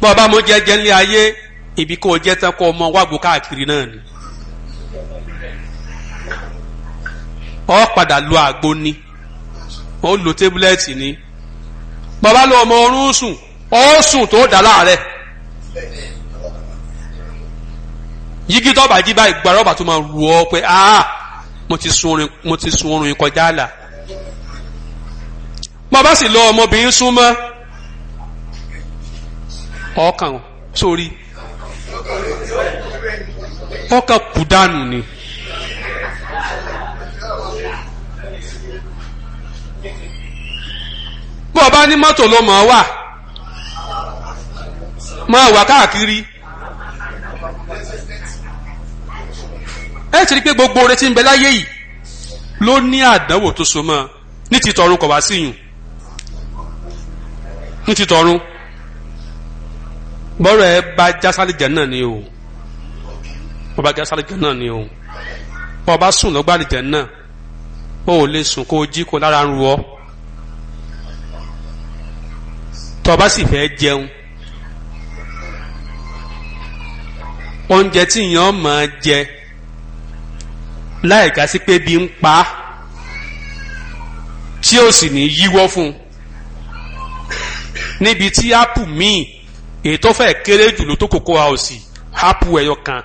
bọ́ ọba mo jẹ́ jẹ́ ńlẹ̀ ayé ibi kó o jẹ́ tán kó o mọ wàgbó káàkiri náà ni ọ padà lo àgbo ni ó lo tébúlẹ́ẹ̀tì ni bàbá lọ ọmọ ọrùn sùn ọ sùn tó dà láàárẹ̀ yígi tó bàjí báyìí gbàrọ̀ bàtú máa rù ọ pé ah mo ti sun orin kọjá àlà bàbá sì lọ ọmọbìnrin sún mọ́ ọkàn sórí ọkàn kù dànù ni. bó o bá ní mọ́tò ló mọ̀ ọ́ wà máa wà káàkiri ẹ ti rí i pé gbogbo oore tí ń bẹ láyé yìí ló ní àdánwò tó so mọ́ ní ti tọ̀run kò wá síyùn ní ti tọ̀run bọ́rọ̀ ẹ bá jásálì jẹ́nà ni o ọba jásálì jẹ́nà ni o ọba sùn lọ́gbàlì jẹ́nà o ò lè sùn kó o jí kó lára ń ru ọ tọba sì fẹ́ jẹun oúnjẹ tí èèyàn máa jẹ láì ga sí pé bí ń pa á tí ó sì ní yíwọ́ fún un níbi tí ápù míì ètò fẹ́ kéré jù tó kókó house hapu ẹyọ kan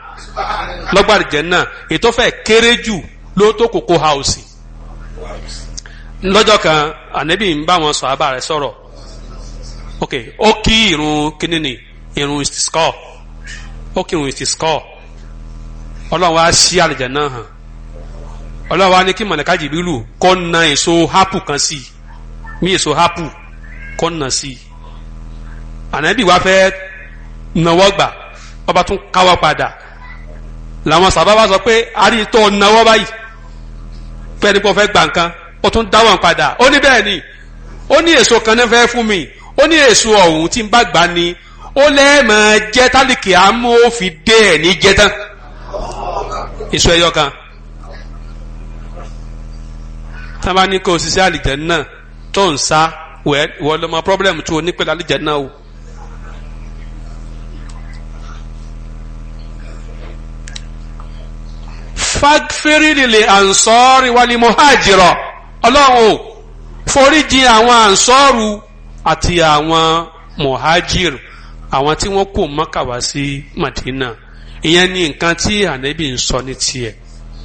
lọ́gbàdìjẹ́ náà ètò kéré jù ló tó kókó house lọ́jọ́ kan ànábì ń bá wọn sọ abá sọrọ ok ó kí irun kíní ni irun istisqa ó kí irun istisqa ọlọ́run wá sí àlùjẹ́ náà hàn ọlọ́run wá ní kí na èso hapu kan sí mí èso hapu kọ́ na sí ànábì wá fẹ́ nawọ́ gbà ọba tún káwọ́ padà làwọn sábàbà sọ pé àrí tó nawọ́ báyìí fẹ́ni pé o fẹ́ gbà nǹkan o tún dáwọ̀n padà ó ní bẹ́ẹ̀ ni ó ní èso kan náà fẹ́ fún mi ó ní èso ọ̀hún tí n bá gbà ni ó lẹ́ẹ̀mọ̀ jẹ́ tálíkì àmú ó fi dé ẹ̀ ní jẹ́ tán èso ẹyọ kan tábà ní kò ṣiṣẹ́ àlìjẹ́ náà tó ń sá wọ́n lọ́mọ pírọ́blẹ́mù tó o ní pẹ̀lú àlìjẹ́ náà o. fagfirilile ansori wali muhajiro ọlọ́run o foríjì àwọn ansoru àti àwọn muhajir àwọn tí wọ́n kó Mákà wá sí Madina ìyẹn ni nǹkan tí ànábì ń sọ ní tiẹ̀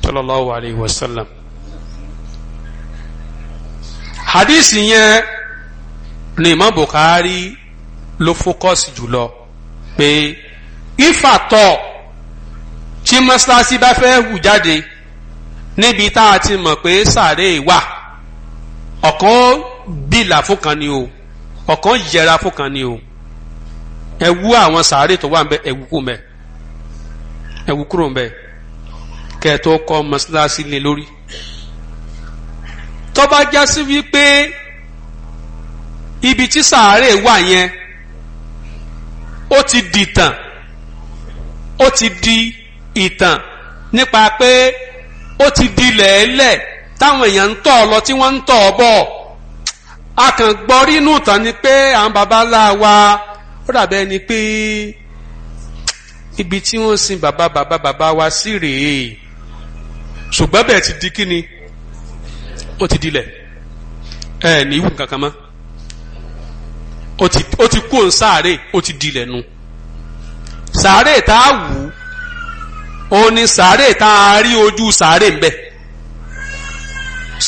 sallallahu alayhi wa sallam hadith yẹn ni Imam Bukhari ló fókọ́sì jùlọ pé ìfàtọ̀ tí mọ́ṣáláṣí bá fẹ́ hù jáde níbi tá a ti mọ̀ pé sàárè wà ọ̀kan bìlà fún ni o ọ̀kan yẹra fún kan ni o ẹ wú àwọn sàárè tó wà ń bẹ ẹ wú kúrò ń bẹ ẹ wú kúrò ń bẹ kẹ tó kọ́ mọ́ṣáláṣí lé lórí tó bá wípé ibi tí sàárè wà yẹn ó ti dìtàn ó ti di ìtàn nípa pé ó ti di lẹ́ẹ̀lẹ̀ táwọn èèyàn ń tọ̀ lọ tí wọ́n ń tọ̀ bọ̀ a kàn gbọ́ rínú ìtàn ni pé àwọn baba ńlá wa ó dàbẹ́ ni pé ibi tí wọ́n sin bàbá bàbá bàbá wa sí rèé ṣùgbọ́n bẹ́ẹ̀ ti di kíni ó ti dilẹ̀ ẹ ní ìwù kankan mọ́ ó ti kó ń sáré ó ti dilẹ̀ nu sáré tá a wù ú òun ni sàárè tá a rí ojú sàárè ńbẹ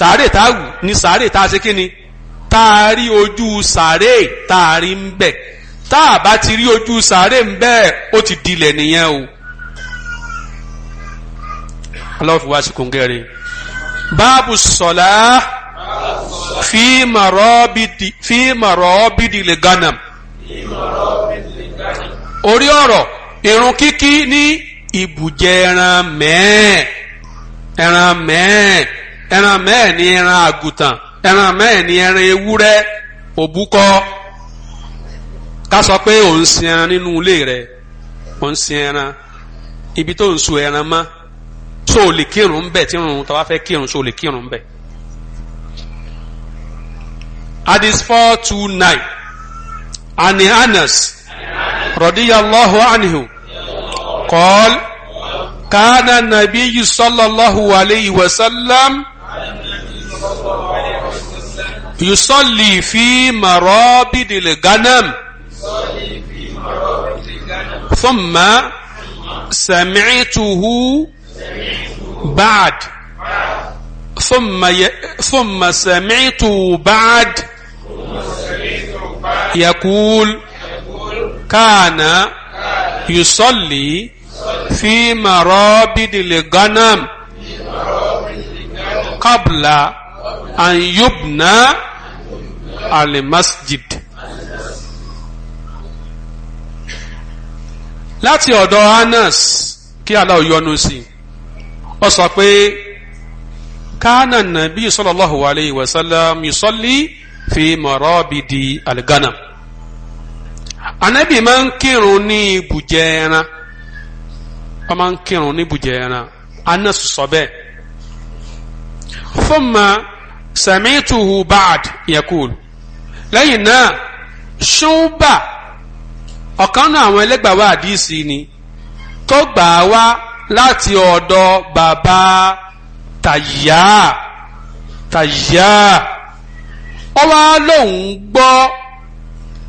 sàárè tá wù ni sàárè tá a kí ni tá a rí ojú sàárè tá a rí ńbẹ tá a bá ti rí ojú sàárè ńbẹ ó ti dilẹ̀ nìyẹn o aláwọ̀ fi wá sí kòńgẹ́rẹ́ báàbù sọ̀lá fi mọ̀rọ̀ bídì lè gánà orí ọ̀rọ̀ irun kíkí ní ibùjẹ ẹran mẹ́ẹ̀ ẹran mẹ́ẹ̀ ẹran mẹ́ẹ̀ ni ẹran àgùntàn ẹran mẹ́ẹ̀ ni ẹran ewúrẹ́ òbúkọ ká sọ pé ò ń sin ẹran nínú ilé rẹ ò ń sin ẹran ibi tó ń so ẹran mọ́ so ò lè kírun bẹ́ẹ̀ tí irun tó bá fẹ́ kírun so ò lè kírun bẹ́ẹ̀. Hadis four two nine. Ani Anas radiyallahu anhu. قال كان النبي صلى الله عليه وسلم يصلي في مرابد الغنم ثم سمعته بعد ثم ي... ثم سمعته بعد يقول كان يصلي fi marabidil ganam qabla an yubna al masjid. láti ọ̀dọ̀ Anas kí Allah yọ́nú sí i ó sọ pé kánà nàbí sallallahu alayhi wa sallam yusalli fi marabidi Ànábì máa ń kírun ní ibùjẹ ẹran wọ́n máa ń kírun ana ẹran anas sọ bẹ́ẹ̀ thumma sami'tuhu ba'd yakul lẹ́yìn náà ṣùgbà ọ̀kan náà àwọn ẹlẹ́gbàá wa àdìsí ni tó gbà á wá láti ọ̀dọ̀ bàbá tàyà tàyà ó wá lóun gbọ́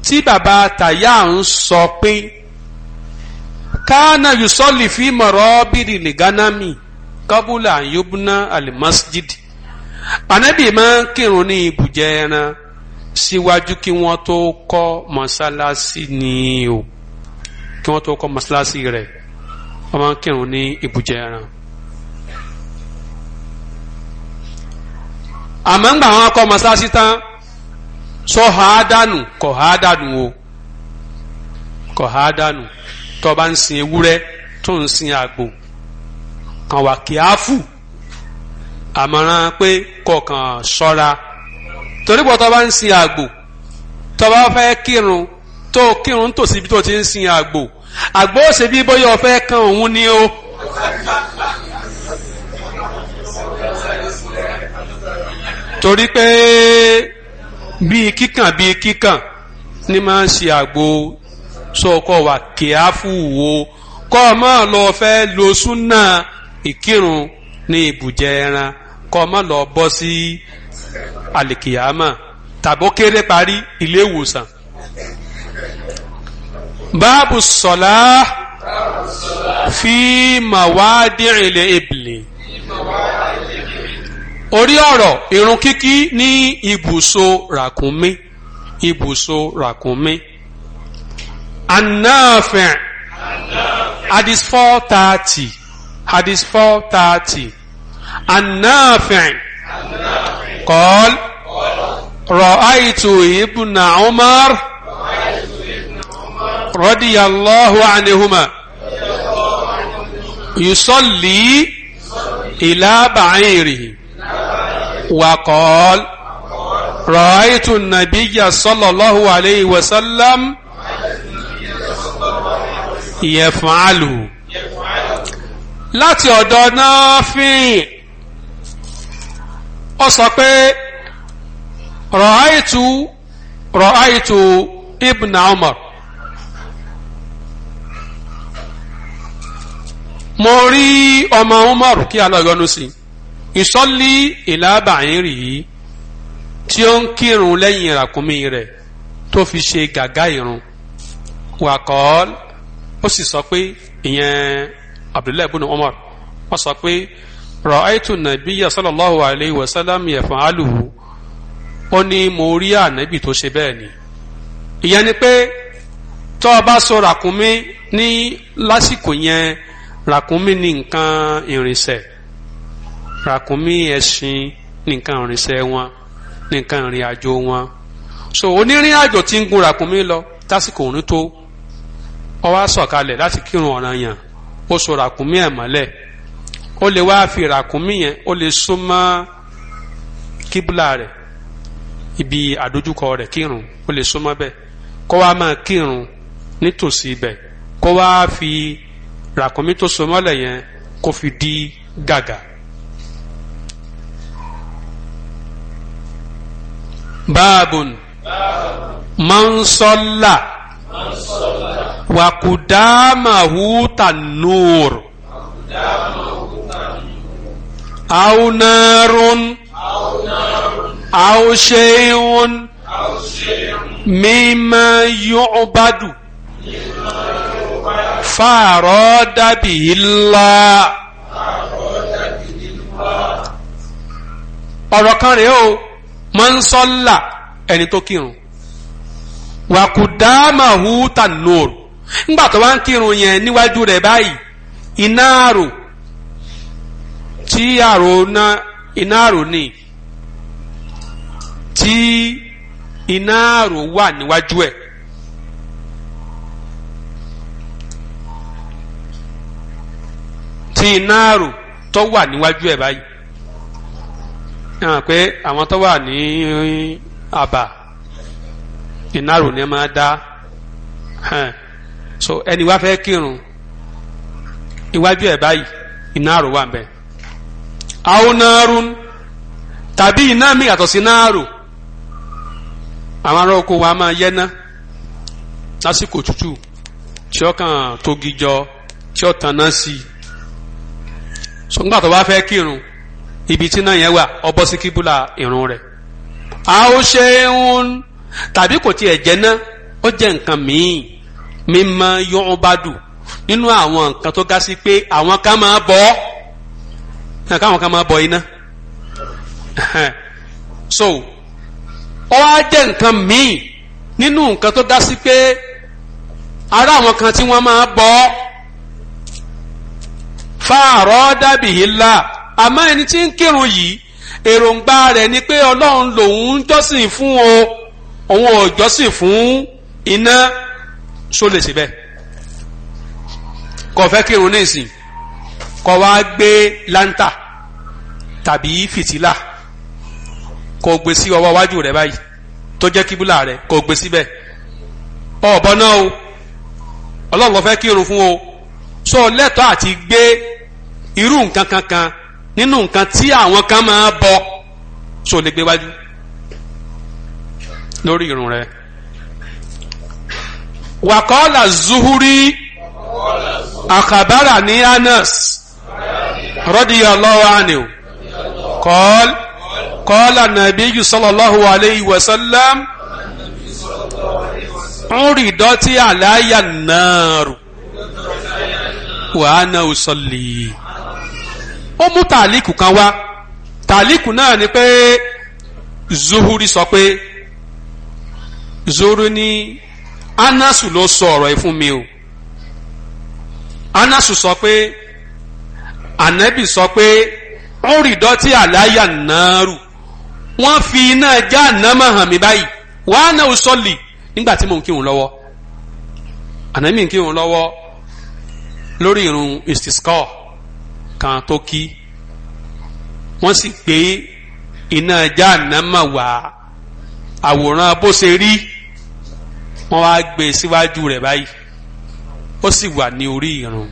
tí bàbá tàyà ń sọ pé kana yusọ́lì fi marabiri lìgánàmì kábúlà yóbùnà àlìmásíjìdì ànábì máa ń kírun ní ibùjẹ ẹran síwájú kí wọ́n tó kọ́ mọ́sálásí ni o kí wọ́n tó kọ́ mọ́sálásí rẹ̀ wọ́n máa ń kírun ní ibùjẹ àmọ́ ń gbà wọn kọ́ mọ́sálásí tán sọ ha dànù kọ̀ ha dànù o kọ̀ ha dànù tó bá ń sin ewúrẹ́ tó ń sin àgbò kàn wà kíáfù àmọ̀ràn pé kọ̀ọ̀kan ṣọ́ra torí pé tó bá ń sin àgbò tó bá fẹ́ kírun tó kírun tòsí ibi tó ti ń sin àgbò àgbò ṣe bí bóyá o fẹ́ kan òun ni o. torí pé bíi kíkàn bíi kíkàn ni máa ń ṣe àgbo sọ kọ́ wà kíáfù wo kọ́ ọ má lọ fẹ́ lo súnà ìkírun ní ìbùjẹ ẹran kọ́ ọ má lọ bọ́ sí àlìkìyàmà tàbó kéré parí ilé ìwòsàn. báàbù sọ̀lá fi màwáàdì ilé ìbìlì orí ọ̀rọ̀ irun kíkí ní ibùsọ̀ ràkúnmí ibùsọ̀ ràkúnmí. النافع حديث 430 حديث 430 النافع قال رأيت ابن عمر رضي الله عنهما يصلي إلى بعيره وقال رأيت النبي صلى الله عليه وسلم yẹ̀fàálù láti ọ̀dọ̀ Nafi' ó sọ pé rọ̀háìtù rọ̀háìtù ibn Umar mo rí ọmọ Umar kí aláyọnu sí ìsọ́lí ìlàbàyìn rì í tí ó ń kírun lẹ́yìn ìràkúnmí rẹ̀ tó fi ṣe gàgá ìrun wàkọ́ọ́lù ó sì sọ pé ìyẹn abdullahi ibn umar wọ́n sọ pé ra'aytu nabiyya sallallahu alayhi wa sallam yaf'aluhu ó ní mo rí ànábì tó ṣe bẹ́ẹ̀ ni ìyẹn ni pé tó o bá sọ ràkúnmí ní lásìkò yẹn ràkúnmí ní nǹkan ìrìnsẹ̀ ràkúnmí ẹṣin ní nǹkan ìrìnsẹ̀ wọn ní nǹkan ìrìn àjò wọn so onírìn àjò tí ń gun ràkúnmí lọ tásìkò òrùn tó ó wá sọ̀kalẹ̀ láti kírun ọ̀ranyàn ó so ràkúnmí ẹ̀ mọ́lẹ̀ ó lè wá fi ràkúnmí yẹn ó lè súnmọ́ kíbùlà rẹ̀ ibi àdójúkọ rẹ̀ kírun ó lè súnmọ́ bẹ́ẹ̀ kó wá máa kírun nítòsí ibẹ̀ kó wá fi ràkúnmí tó so mọ́lẹ̀ yẹn kó fi dí gàgà. báàbùn máa وقدامه تنور أو نار أو شيء مما يعبد فأراد به الله ọ̀rọ̀ kan rèé o mọ́ńsọ́là ẹni tó kírun wàkùdámàhù tànóòrù ngba tó wá ń kírun yẹn níwájú rẹ báyìí iná àrò tí àrò ná iná àrò ni tí iná àrò wà níwájú tí iná àrò tó wà níwájú báyìí pé àwọn tó wà ní iná àrò ni ẹ máa dá so ẹni wá fẹ́ kírun iwájú ẹ̀ báyìí iná àrò wà mbẹ́ àwọn náàrún tàbí iná mi yàtọ̀ sí náàrò àwọn ará oko wa máa yẹ́ná lásìkò tútù tí ọkàn togi jọ tí ó tanná sí so ńgbà tó bá fẹ́ kírun ibi tí náà yẹn wà ọbọ sí kíbúlà kò tiẹ̀ ó jẹ́ nǹkan mímọ yọ̀ọ́bádù nínú àwọn nǹkan tó ga sí pé àwọn kan máa bọ̀ ọ́ náà káwọn kan máa bọ̀ iná so ó wá jẹ́ nǹkan míì nínú nǹkan tó ga sí pé ará àwọn kan tí wọ́n máa bọ̀ ọ́ fáàrọ̀ dàbí ìlà àmọ́ ẹni tí ń kírun yìí èròǹgbà rẹ̀ ni pé ọlọ́run lòun ń jọ́sìn fún o òun ò jọ́sìn fún iná só lè ṣe bẹ́ẹ̀ kò fẹ́ kírun ní ìsìn kò wá gbé láńtà tàbí fìtílà kò gbé sí ọwọ́ iwájú rẹ̀ báyìí tó jẹ́ kíbúlà rẹ̀ kò gbé síbẹ̀ ọ̀bọ náà o ọlọ́run kò fẹ́ kírun fún o sọ lẹ́tọ̀ọ́ àti gbé irú nǹkan kankan nínú nǹkan tí àwọn kan máa bọ sọ gbé wájú lórí irun rẹ̀ wàkọ́lá zuhuri àkàbàrà ní anas radiyallahu anhu kọ́l kọ́lá nàbíyù sallallahu alayhi wa sallam ńrì dọ́tí àláyà nàárù wà á na òsọ̀lì. ó mú tàlíkù kan wá tàlíkù náà ni pé zuhuri sọ pé zuhuri ní. anasu ló sọ ọ̀rọ̀ yìí fún mi o anasu sọ pé anabi sọ pé ó rí dọ́tí àláyà nàárù wọ́n fi iná ẹja ànámọ̀ hàn mí báyìí wàá náà ó sọ́ọ̀lì nígbà tí mò ń kírun lọ́wọ́ anabi ń kírun lọ́wọ́ lórí irun istisqa kan tó kí wọ́n sì gbé iná ẹja ànámọ̀ wá àwòrán bó ṣe rí. wọ́n wá gbé e síwájú rẹ̀ báyìí ó sì wà ní orí ìrun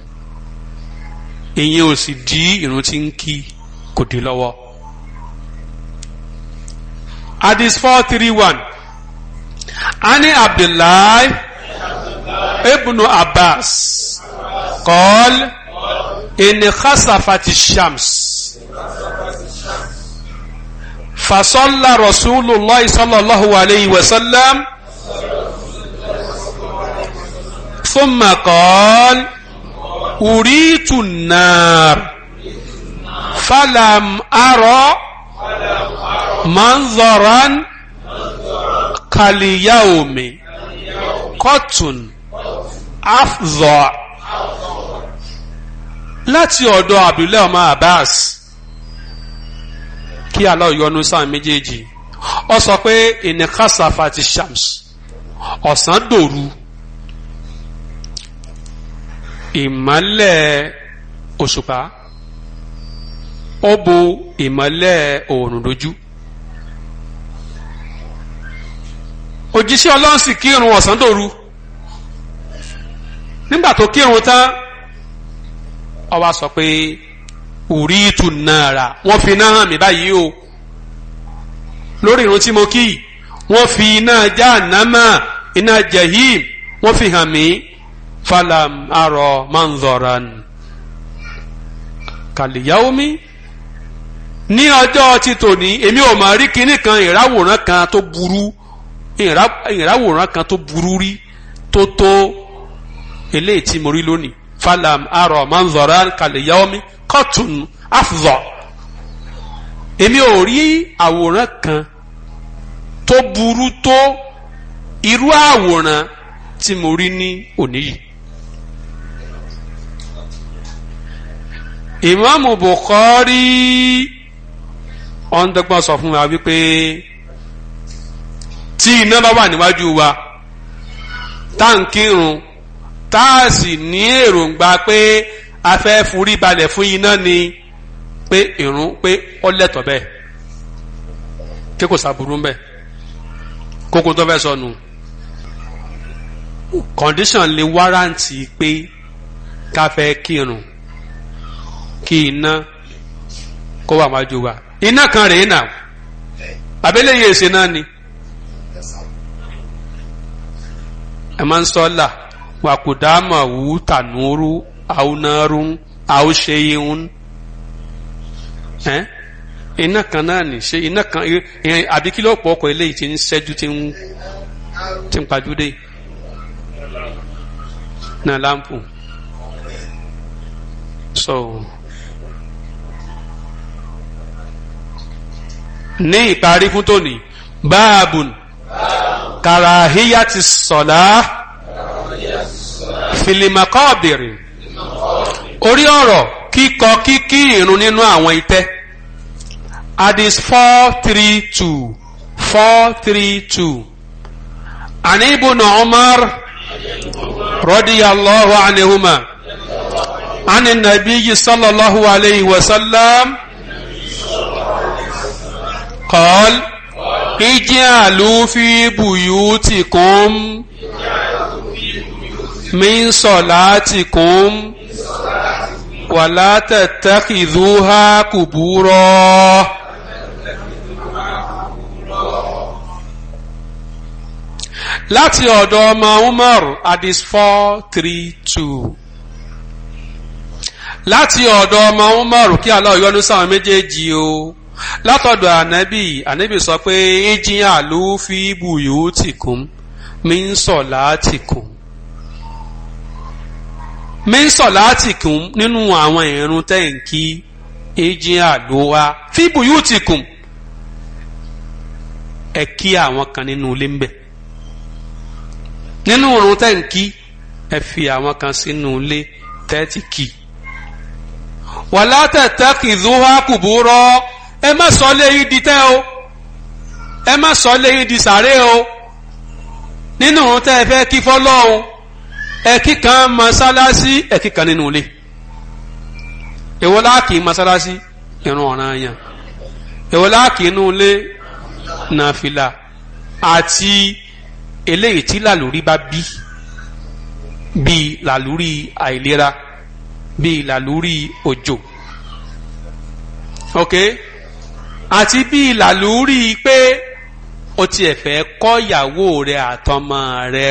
ìyẹn ò sì dí ìrun tí ń kí kò dé lọ́wọ́. hadith four three one ani abdullahi ibnu abbas kọ́l ìní khasafati shams. فصلى رسول الله صلى الله عليه ثم قال أريت النار فلم أرى منظرا كاليوم قط أفظع láti ọ̀dọ̀ Abdullahi ọmọ Abbas kí Allah yọ́nú sáà méjèèjì ó sọ pé ìnìkàsàfà ti shams ọ̀sán dòru ìmọ́lẹ̀ òṣùpá ó bo ìmọ́lẹ̀ oòrùn lójú òjíṣẹ́ ọlọ́run sì kírun ọ̀sán dòru nígbà tó kírun tán ó wá sọ pé òrí ìtù náà rà wọ́n fi iná hàn mí báyìí o lórí irun tí mo kí wọ́n fi iná jáànámà iná jahim wọ́n fi hàn mí falam arọ manzoran kàlìyàwómi ní ọjọ́ ti tòní èmi ò máa rí kinní kan ìráwòrán kan tó burú ìráwòrán kan tó burú rí tó tó eléyìí tí mo rí lónìí falam arọ manzoran kàlìyàwómi kọ́tùn afzọ èmi ò rí àwòrán kan tó burú tó irú àwòrán tí mo rí ní òní yìí ìmáàmù Bukhari ọ̀ndọ́gbọ́n sọ fún wa wípé tí iná bá wà níwájú wa táǹkì irun tá a sì ní èròǹgbà pé a fẹ́ forí balẹ̀ fún iná ni pé irun pé ó lẹ́tọ̀ọ́ bẹ́ẹ̀ kí kò sàbùrú ń bẹ̀ kókó tó fẹ́ sọnù condition lè wárántì pé ká fẹ́ kírun kí iná kó wà wájú wa iná kan rèé nà abẹ́lẹ̀ yìí èsè náà ni ẹ máa ń sọ ọ́ là wà kò dáàmà wù ú tànúrú àwùnárún àwùṣeyìún ẹ iná kan náà ni ṣe iná kan àbí kí ló ọkọ̀ eléyìí ti ń ṣẹ́jú ti ń ti ń pajúdé náà láǹpù so. ní ìparí fún tòní báàbùn kàràhíyà ti sọ̀lá fìlìmọ̀kọ́ọ̀bìrì orí ọ̀rọ̀ kíkọ kíkí ìrun nínú àwọn ìtẹ́ hadith four three two four three two ani ibn umar radiyallahu anihuma ani nabiyyi sallallahu alayhi wa sallam. قال اجعلوا في بيوتكم من صلاتكم ولا تتخذوها قبورا láti ọ̀dọ̀ ọmọ Umar hadith four three two láti ọ̀dọ̀ ọmọ Umar kí Allah yọ́nú sáwọn méjèèjì o látọ̀dọ̀ ànábì ànábì sọ pé ejiyan àlù fi ibù yòó tì kún mi ń sọ láti kún mi ń sọ láti kún nínú àwọn ìrun tẹ̀ǹkì ejiyan àlù wa fi ibù yòó tì kún ẹ kí àwọn kan nínú ilé ń bẹ nínú ìrun tẹ̀ǹkì ẹ fi àwọn kan sínú ilé tẹ́tì kì wàlá tẹ̀tẹ́ kìdúhà kùbúrọ́ ẹ má sọ lé yín di tẹ́ o ẹ má sọ lé yín di sàré o nínú ohun tẹ́ ẹ fẹ́ kí fọ́lọ́hún ẹ kíkan mọ́sálásí ẹ kíkan nínú ilé èwo láàkì mọ́sálásí ìrun ọ̀ràn yàn èwo láàkì inú ilé nàfìlà àti eléyìí tí làlórí bá bí bíi làlórí àìlera bíi làlórí òjò ok. àti bí ìlàlúrí pé o tiẹ̀ fẹ́ kọ́ ìyàwó rẹ àtọmọ rẹ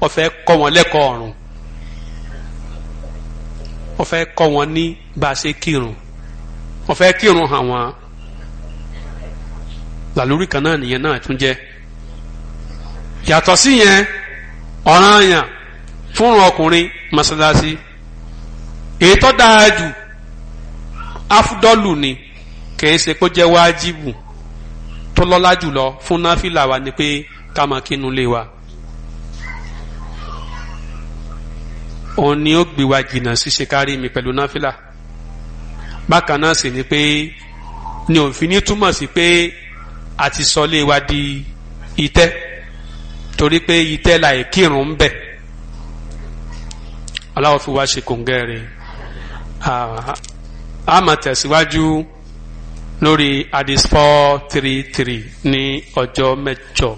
o fẹ́ kọ́ wọn lẹ́kọ̀ọ́ ọ̀run o fẹ́ kọ́ wọn ní bá a ṣe kírun o fẹ́ kírun hàn wọ́n làlúrí kan náà nìyẹn náà tún jẹ́ yàtọ̀ sí yẹn ọ̀ranyàn fúnrun ọkùnrin mọ́sálásí èyí tó dáa jù áfúdọ́lù ni. kìí ṣe kó jẹ́ wájibù tó lọ́lá jùlọ fún náfìlà wa ni pé ká máa kínú lé wa. òun ni ó gbé wa jìnnà ṣíṣe kárí mi pẹ̀lú náfìlà bákan náà sì ni pé ni òfin ní túmọ̀ sí pé a ti sọ lé wa di itẹ́ torí pé itẹ́ la ìkírun ń bẹ aláwọ̀ fi wá ṣe kòǹgẹ́ rẹ̀ a máa tẹ̀síwájú. Si lórí hadith four three three ní ọjọ́ mẹ́jọ.